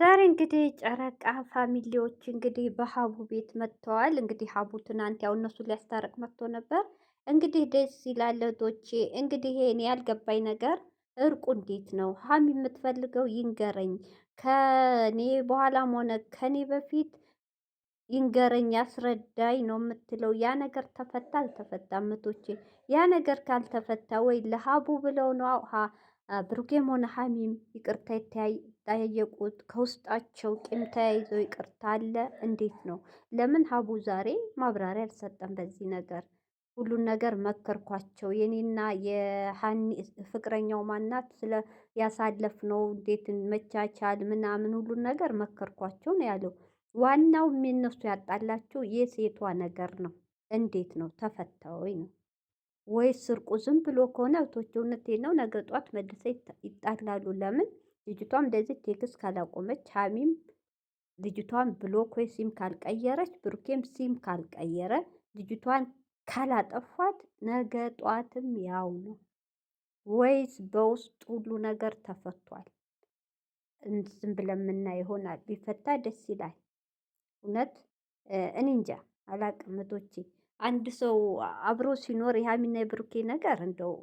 ዛሬ እንግዲህ ጨረቃ ፋሚሊዎች እንግዲህ በሀቡ ቤት መጥተዋል። እንግዲህ ሀቡ ትናንት ያው እነሱ ሊያስታርቅ መጥቶ ነበር። እንግዲህ ደስ ይላል ዶቼ። እንግዲህ ይሄን ያልገባኝ ነገር እርቁ እንዴት ነው? ሀሚ የምትፈልገው ይንገረኝ፣ ከኔ በኋላም ሆነ ከኔ በፊት ይንገረኝ፣ ያስረዳኝ ነው የምትለው። ያ ነገር ተፈታ አልተፈታ ምቶቼ፣ ያ ነገር ካልተፈታ ወይ ለሀቡ ብለው ነው ብሩጌም ሆነ ሀሚም ይቅርታ ጠየቁት። ከውስጣቸው ቂም ተያይዘው ይቅርታ አለ። እንዴት ነው? ለምን ሀቡ ዛሬ ማብራሪያ አልሰጠም? በዚህ ነገር ሁሉን ነገር መከርኳቸው። የኔና የሀኒ ፍቅረኛው ማናት ስለ ያሳለፍ ነው እንዴት መቻቻል ምናምን ሁሉን ነገር መከርኳቸው ነው ያለው። ዋናው የሚነሱ ያጣላቸው የሴቷ ነገር ነው። እንዴት ነው ተፈታዊ ነው ወይስ ስርቁ? ዝም ብሎ ከሆነ እህቶች እውነቴ ነው ነገ ጧት መልሰ ይጣላሉ። ለምን ልጅቷም እንደዚህ ቴክስ ካላቆመች ሀሚም ልጅቷን ብሎክ ወይ ሲም ካልቀየረች ብሩኬም ሲም ካልቀየረ ልጅቷን ካላጠፏት ነገ ጧትም ያው ነው። ወይስ በውስጥ ሁሉ ነገር ተፈቷል? ዝም ብለን የምናየው ይሆናል። ቢፈታ ደስ ይላል። እውነት እኔ እንጃ አላቅም። እህቶቼ አንድ ሰው አብሮ ሲኖር የሀሚና የብሩኬ ነገር እንደው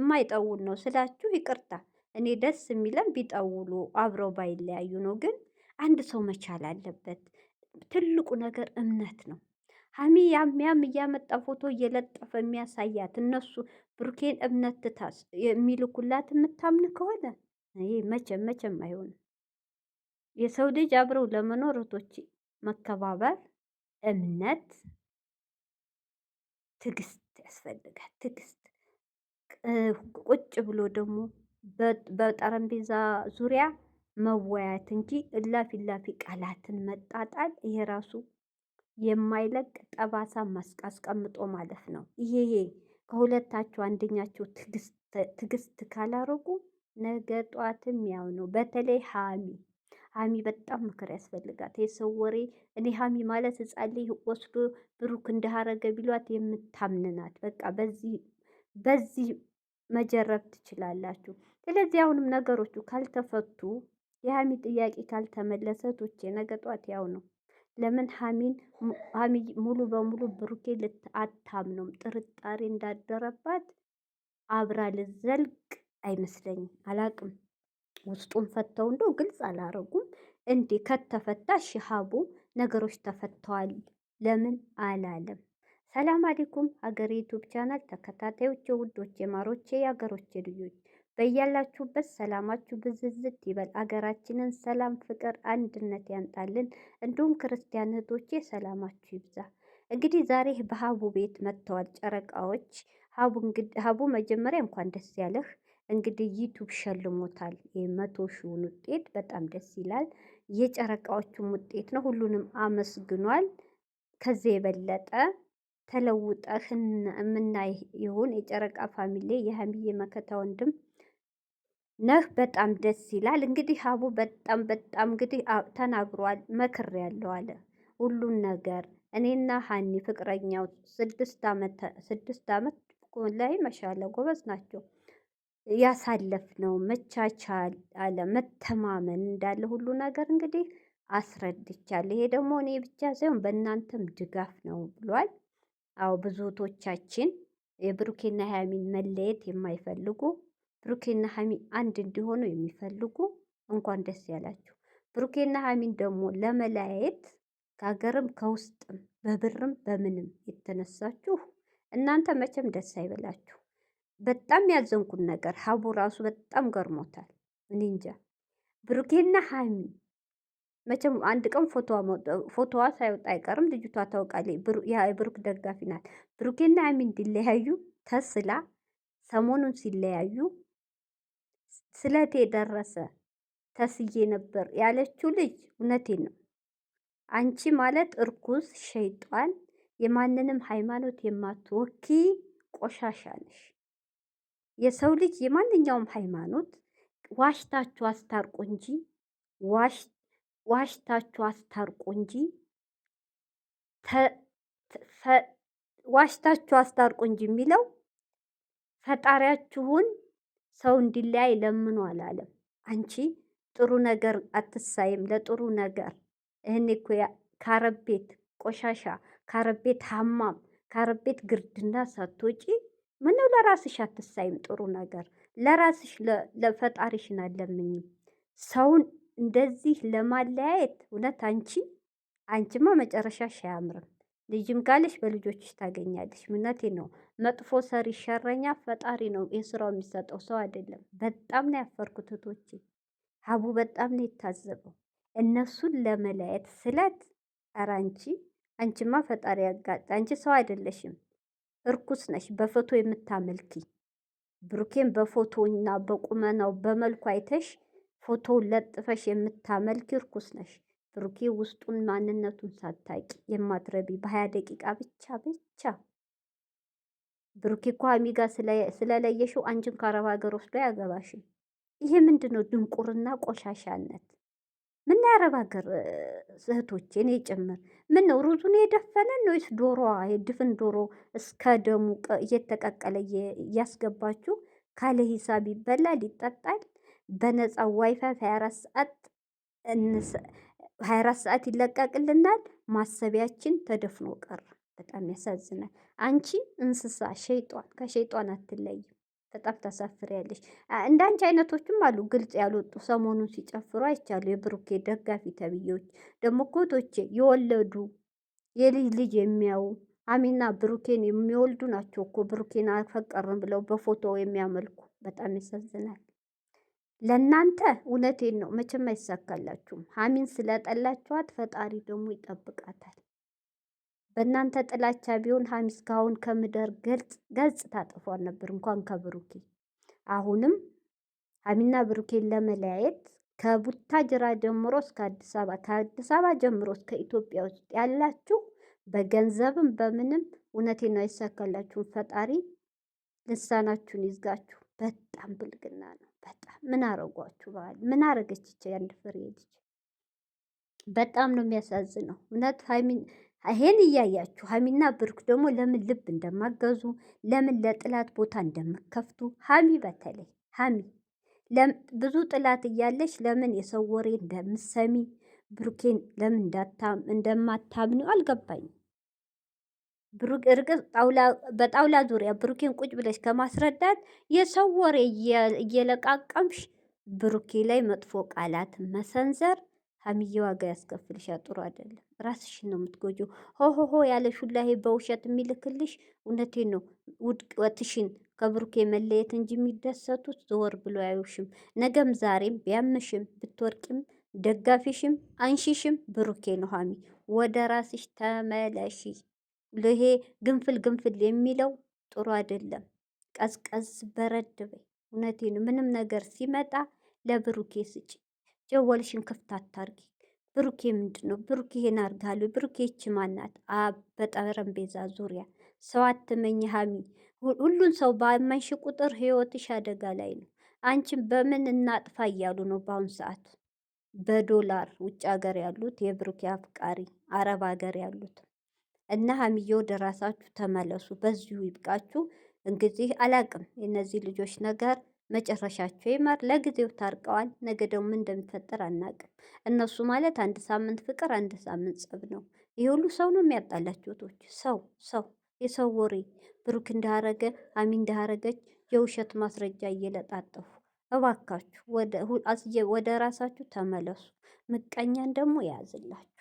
የማይጠውን ነው ስላችሁ ይቅርታ እኔ ደስ የሚለን ቢጠውሉ አብረው ባይለያዩ ነው። ግን አንድ ሰው መቻል አለበት። ትልቁ ነገር እምነት ነው። ሀሚ ያም ያም እያመጣ ፎቶ እየለጠፈ የሚያሳያት እነሱ ብሩኬን እምነት ትታስ የሚልኩላት የምታምን ከሆነ ይሄ መቼም መቼም አይሆንም። የሰው ልጅ አብረው ለመኖር እህቶች፣ መከባበር፣ እምነት፣ ትግስት ያስፈልጋል። ትግስት ቁጭ ብሎ ደግሞ በጠረጴዛ ዙሪያ መወያየት እንጂ እላፊ እላፊ ቃላትን መጣጣል ይሄ ራሱ የማይለቅ ጠባሳ አስቀምጦ ማለፍ ነው። ይሄ ከሁለታቸው አንደኛቸው ትግስት ካላረጉ ነገ ጠዋትም ያው ነው። በተለይ ሀሚ ሀሚ በጣም ምክር ያስፈልጋት የሰው ወሬ እኔ ሀሚ ማለት ህፃን ልጅ ወስዶ ብሩክ እንዳረገ ቢሏት የምታምንናት በቃ በዚህ በዚህ መጀረብ ትችላላችሁ። ስለዚህ አሁንም ነገሮቹ ካልተፈቱ የሀሚ ጥያቄ ካልተመለሰ ቶቼ ነገ ጧት ያው ነው። ለምን ሀሚን ሀሚ ሙሉ በሙሉ ብሩኬ አታምነውም። ጥርጣሬ እንዳደረባት አብራ ልዘልቅ አይመስለኝም። አላቅም ውስጡን ፈተው እንደው ግልጽ አላረጉም እንዴ? ከተፈታ ሺሃቡ ነገሮች ተፈተዋል ለምን አላለም? ሰላም አለይኩም ሀገሬ ዩቱብ ቻናል ተከታታዮቼ፣ ውዶቼ፣ ማሮቼ፣ የሀገሮቼ ልጆች በያላችሁበት ሰላማችሁ ብዝዝት ይበል። አገራችንን ሰላም፣ ፍቅር፣ አንድነት ያንጣልን። እንዲሁም ክርስቲያን እህቶቼ ሰላማችሁ ይብዛ። እንግዲህ ዛሬ በሀቡ ቤት መጥተዋል ጨረቃዎች። ሀቡ መጀመሪያ እንኳን ደስ ያለህ። እንግዲህ ዩቱብ ሸልሞታል የመቶ ሺውን ውጤት በጣም ደስ ይላል። የጨረቃዎቹም ውጤት ነው። ሁሉንም አመስግኗል። ከዚህ የበለጠ ተለውጠህን የምናይ ይሁን። የጨረቃ ፋሚሊ የሀሚዬ መከታ ወንድም ነህ፣ በጣም ደስ ይላል። እንግዲህ ሀቡ በጣም በጣም እንግዲህ ተናግሯል። መክር ያለው አለ ሁሉን ነገር እኔና ሀኒ ፍቅረኛው ስድስት ዓመት ላይ መሻለ ጎበዝ ናቸው ያሳለፍ ነው መቻቻል አለ መተማመን እንዳለ ሁሉ ነገር እንግዲህ አስረድቻለሁ። ይሄ ደግሞ እኔ ብቻ ሳይሆን በእናንተም ድጋፍ ነው ብሏል። አዎ ብዙቶቻችን የብሩኬና ሃይሚን መለየት የማይፈልጉ ብሩኬና ሃሚ አንድ እንዲሆኑ የሚፈልጉ እንኳን ደስ ያላችሁ። ብሩኬና ሀሚን ደግሞ ለመለያየት ከሀገርም ከውስጥም በብርም በምንም የተነሳችሁ እናንተ መቼም ደስ አይበላችሁ። በጣም ያዘንኩን ነገር ሀቡ ራሱ በጣም ገርሞታል። እኔ እንጃ ብሩኬና ሃይሚ መቼም አንድ ቀን ፎቶዋ ሳይወጣ አይቀርም። ልጅቷ ታውቃለች፣ የብሩክ ደጋፊ ናት። ብሩኬና ሀይሚ እንዲለያዩ ተስላ ሰሞኑን ሲለያዩ ስለቴ ደረሰ ተስዬ ነበር ያለችው ልጅ እውነቴ ነው። አንቺ ማለት እርኩስ ሸይጧን፣ የማንንም ሃይማኖት የማትወኪ ቆሻሻ ነሽ። የሰው ልጅ የማንኛውም ሃይማኖት ዋሽታችሁ አስታርቁ እንጂ ዋሽ ዋሽታችሁ አስታርቁ እንጂ ዋሽታችሁ አስታርቁ እንጂ የሚለው ፈጣሪያችሁን ሰው እንዲለያይ ለምኑ አላለም። አንቺ ጥሩ ነገር አትሳይም ለጥሩ ነገር እህኔ እኮ ካረቤት ቆሻሻ ካረቤት ሀማም ካረቤት ግርድና ሳትወጪ ምነው ለራስሽ አትሳይም? ጥሩ ነገር ለራስሽ ለፈጣሪሽን አለምኝም ሰውን እንደዚህ ለማለያየት እውነት አንቺ አንቺማ መጨረሻሽ አያምርም። ልጅም ካለሽ በልጆችሽ ታገኛለሽ። ምነቴ ነው። መጥፎ ሰሪ ሸረኛ ፈጣሪ ነው የስራው ስራው የሚሰጠው ሰው አይደለም። በጣም ነው ያፈርኩት እህቶቼ። ሀቡ በጣም ነው የታዘበው እነሱን ለመለያየት ስለት። ኧረ አንቺ አንቺማ ፈጣሪ ያጋጥ። አንቺ ሰው አይደለሽም፣ እርኩስ ነሽ። በፎቶ የምታመልኪ ብሩኬን በፎቶና በቁመናው በመልኩ አይተሽ ፎቶ ለጥፈሽ የምታመልክ እርኩስ ነሽ። ብሩኬ ውስጡን ማንነቱን ሳታቂ የማትረቢ በሀያ ደቂቃ ብቻ ብቻ ብሩኬ እኮ አሚጋ ስለለየሽው አንቺን ከአረብ ሀገር ወስዶ አያገባሽም። ይሄ ምንድን ነው? ድንቁርና ቆሻሻነት። ምን የአረብ ሀገር እህቶቼ እኔ ጭምር ምን ነው ሩዙን የደፈነን ወይስ ዶሮዋ የድፍን ዶሮ እስከ ደሙ እየተቀቀለ እያስገባችሁ ካለ ሂሳብ ይበላል ይጠጣል። በነፃ ዋይፋይ 24 ሰዓት 24 ሰዓት ይለቀቅልናል። ማሰቢያችን ተደፍኖ ቀረ። በጣም ያሳዝናል። አንቺ እንስሳ ሸይጧን፣ ከሸይጧን አትለይም። በጣም ታሳፍሪያለሽ። እንዳንቺ አይነቶችም አሉ ግልጽ ያልወጡ ሰሞኑን ሲጨፍሩ አይቻሉ። የብሩኬ ደጋፊ ተብዬዎች ደግሞ ኮቶቼ የወለዱ የልጅ ልጅ የሚያዩ አሚና ብሩኬን የሚወልዱ ናቸው እኮ ብሩኬን አፈቀርን ብለው በፎቶ የሚያመልኩ በጣም ያሳዝናል። ለእናንተ እውነቴን ነው፣ መቼም አይሳካላችሁም። ሀሚን ስለጠላችኋት ፈጣሪ ደግሞ ይጠብቃታል። በእናንተ ጥላቻ ቢሆን ሀሚ እስካሁን ከምድር ገጽ ታጠፏል ነበር፣ እንኳን ከብሩኬ። አሁንም ሀሚና ብሩኬን ለመለያየት ጅራ ጀምሮ እስከ አዲስ አበባ ከአዲስ አበባ ጀምሮ እስከ ኢትዮጵያ ውስጥ ያላችሁ በገንዘብም በምንም እውነቴን ነው አይሳካላችሁም። ፈጣሪ ልሳናችሁን ይዝጋችሁ። በጣም ብልግና ነው። በጣም ምን አረጓችሁ? በዓል ምን አረገች? ይች ፍሬ ልጅ በጣም ነው የሚያሳዝነው። እውነት ይሄን እያያችሁ ሀሚና ብሩክ ደግሞ ለምን ልብ እንደማገዙ ለምን ለጥላት ቦታ እንደምከፍቱ ሀሚ በተለይ ሀሚ ብዙ ጥላት እያለች ለምን የሰው ወሬ እንደምሰሚ ብሩኬን ለምን እንደማታምኒው አልገባኝም። ብሩክ እርግጥ በጣውላ ዙሪያ ብሩኬን ቁጭ ብለሽ ከማስረዳት የሰው ወሬ እየለቃቀምሽ ብሩኬ ላይ መጥፎ ቃላት መሰንዘር ሀምዬ ዋጋ ያስከፍልሻል። ጥሩ አይደለም። ራስሽን ነው የምትጎጂው። ሆሆሆ ያለሽ ሁላ ይሄ በውሸት የሚልክልሽ እውነቴን ነው። ውድቅትሽን ከብሩኬ መለየት እንጂ የሚደሰቱት ዘወር ብሎ አያዩሽም። ነገም ዛሬም ቢያምሽም ብትወርቂም ደጋፊሽም አንሺሽም ብሩኬ ነው። ሀሚ ወደ ራስሽ ተመለሺ። ይሄ ግንፍል ግንፍል የሚለው ጥሩ አይደለም። ቀዝቀዝ በረድ በይ። እውነቴን ምንም ነገር ሲመጣ ለብሩኬ ስጪ። ጀወልሽን ክፍት አታርጊ። ብሩኬ ምንድን ነው? ብሩኬ ይሄን አርጋሉ። ብሩኬ ይች ማናት? በጠረጴዛ ዙሪያ ሰው አትመኝ ሀሚ። ሁሉን ሰው ባመንሽ ቁጥር ህይወትሽ አደጋ ላይ ነው። አንቺን በምን እናጥፋ እያሉ ነው በአሁኑ ሰዓት። በዶላር ውጭ ሀገር ያሉት የብሩኬ አፍቃሪ፣ አረብ ሀገር ያሉት እና ሀሚዮ ደራሳችሁ ተመለሱ። በዚሁ ይብቃችሁ። እንግዲህ አላቅም የእነዚህ ልጆች ነገር መጨረሻቸው ይማር። ለጊዜው ታርቀዋል። ነገ ደግሞ ምን እንደሚፈጠር አናቅም። እነሱ ማለት አንድ ሳምንት ፍቅር፣ አንድ ሳምንት ጸብ ነው። ይህ ሁሉ ሰው ነው የሚያጣላቸው። ቶች ሰው ሰው የሰው ወሬ ብሩክ እንዳረገ አሚ እንዳረገች የውሸት ማስረጃ እየለጣጠፉ እባካችሁ ወደ ራሳችሁ ተመለሱ። ምቀኛን ደግሞ ያዝላችሁ።